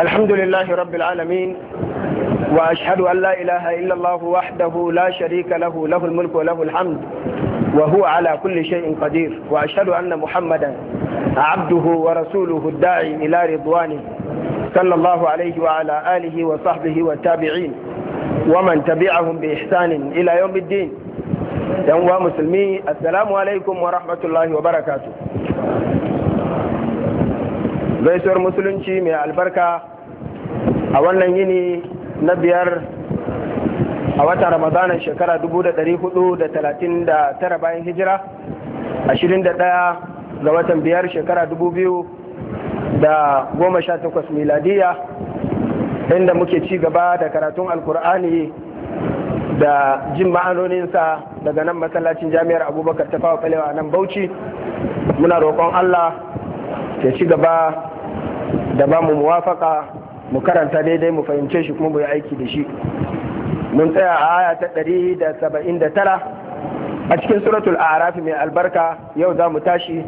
الحمد لله رب العالمين وأشهد أن لا إله إلا الله وحده لا شريك له له الملك وله الحمد وهو على كل شيء قدير وأشهد أن محمدا عبده ورسوله الداعي إلى رضوانه صلى الله عليه وعلى آله وصحبه والتابعين ومن تبعهم بإحسان إلى يوم الدين يوم مسلمي السلام عليكم ورحمة الله وبركاته gaisuwar musulunci mai albarka a wannan yini na biyar a wata ramadanin shekara 439 bayan hijira 21 ga watan biyar shekara 2018 miladiya inda muke ci gaba da karatun alkur'ani da jin ma'anoninsa daga nan masallacin jami'ar abubakar tafawa kalewa nan bauchi muna roƙon allah ke ci gaba da ba mu muwafaka mu karanta daidai mu fahimce shi kuma mu yi aiki da shi mun tsaya a aya ta 179 a cikin suratul arafi mai albarka yau za mu tashi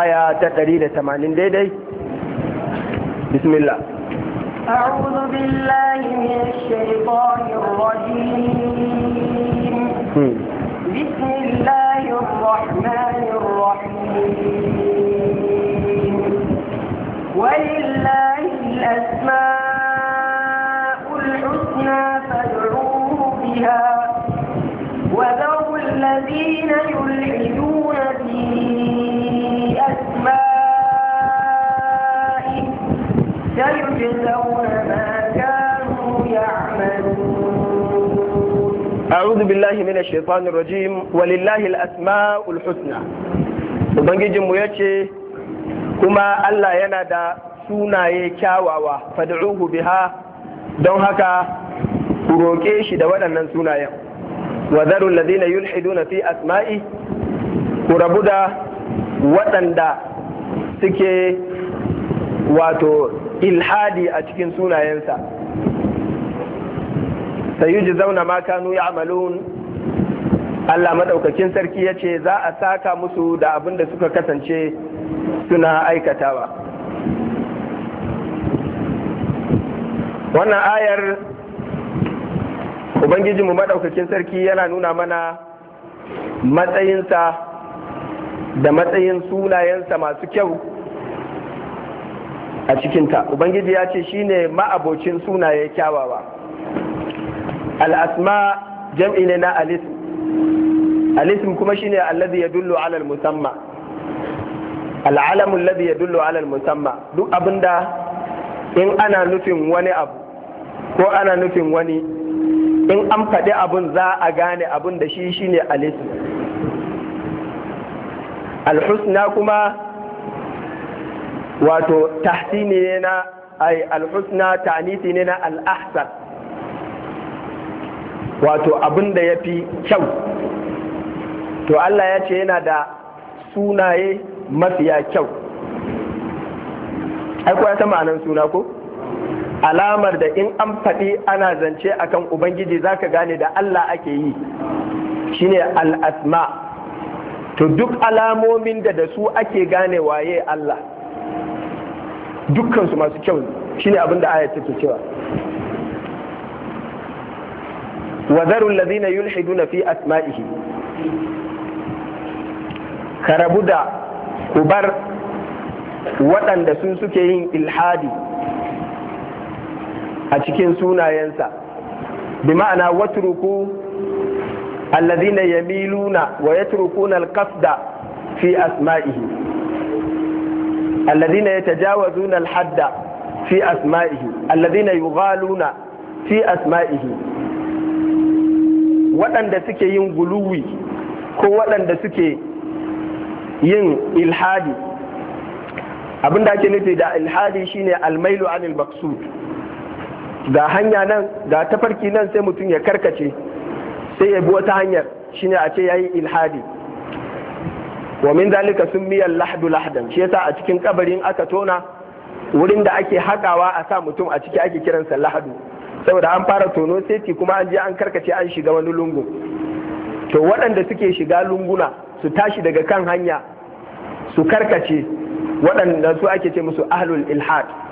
aya ta 180 daidai bismillah أعوذ بالله من الشيطان الرجيم بسم الله الرحمن بها وذروا الذين يلحدون في أسمائه سيجزون ما كانوا يعملون أعوذ بالله من الشيطان الرجيم ولله الأسماء الحسنى وبنجي ya ce, kuma Allah yana da sunaye kyawawa, fad'uhu biha don ku roƙe shi da waɗannan sunayen wa zarul ladina yulhiduna fi asma'i ku rabu da waɗanda suke wato ilhadi a cikin sunayensa sayuji zauna ma kanu ya'malun Allah madaukakin sarki ya ce za a saka musu da abin da suka kasance suna aikatawa wannan ayar ubangijinmu maɗaukakin sarki yana nuna mana matsayinsa da matsayin sunayensa masu kyau a cikinta ubangiji ya ce shi ne ma'abocin sunaye kyawawa al'asma jam'i ne na alisim alisim kuma shi ne alladhi ya dullo alal musamma al'alamun ladhi ya dullo alal musamma duk abinda in ana nufin wani abu ko ana nufin wani in an faɗi abin za a gane abin da shi shi ne alisu alhusna kuma wato tahsini ne na ai alhusna ta'nisi ne na al'ahsan wato abin da ya fi kyau to Allah ya ce yana da sunaye mafiya kyau ai kuwa ta ma'anan suna ko alamar da in an faɗi ana zance a kan ubangiji za ka gane da Allah ake yi shine al'asma. to duk alamomin da da su ake gane waye Allah dukkansu masu kyau shine abin da ayat take cewa wa lazina ladina yulhiduna fi asma'ihi rabu da kubar waɗanda sun suke yin ilhadi a cikin sunayensa bi ma'ana watruku alladhina yamiluna wa yatrukuna alqasda fi asma'ihi alladhina yatajawazuna alhadda fi asma'ihi alladhina yughaluna fi asma'ihi waɗanda suke yin guluwi ko waɗanda suke yin ilhadi abinda ake nufi da ilhadi shine almailu anil maqsud ga hanya nan ga tafarki nan sai mutum ya karkace sai ya bi wata hanyar shine a ce ya yi ilhadi wa min sun miyar lahdu lahdan shi yasa a cikin kabarin aka tona wurin da ake hakawa a sa mutum a ciki ake kiransa lahadu saboda an fara tono sai kuma an je an karkace an shiga wani lungu to waɗanda suke shiga lunguna su tashi daga kan hanya su karkace waɗanda su ake ce musu ahlul ilhad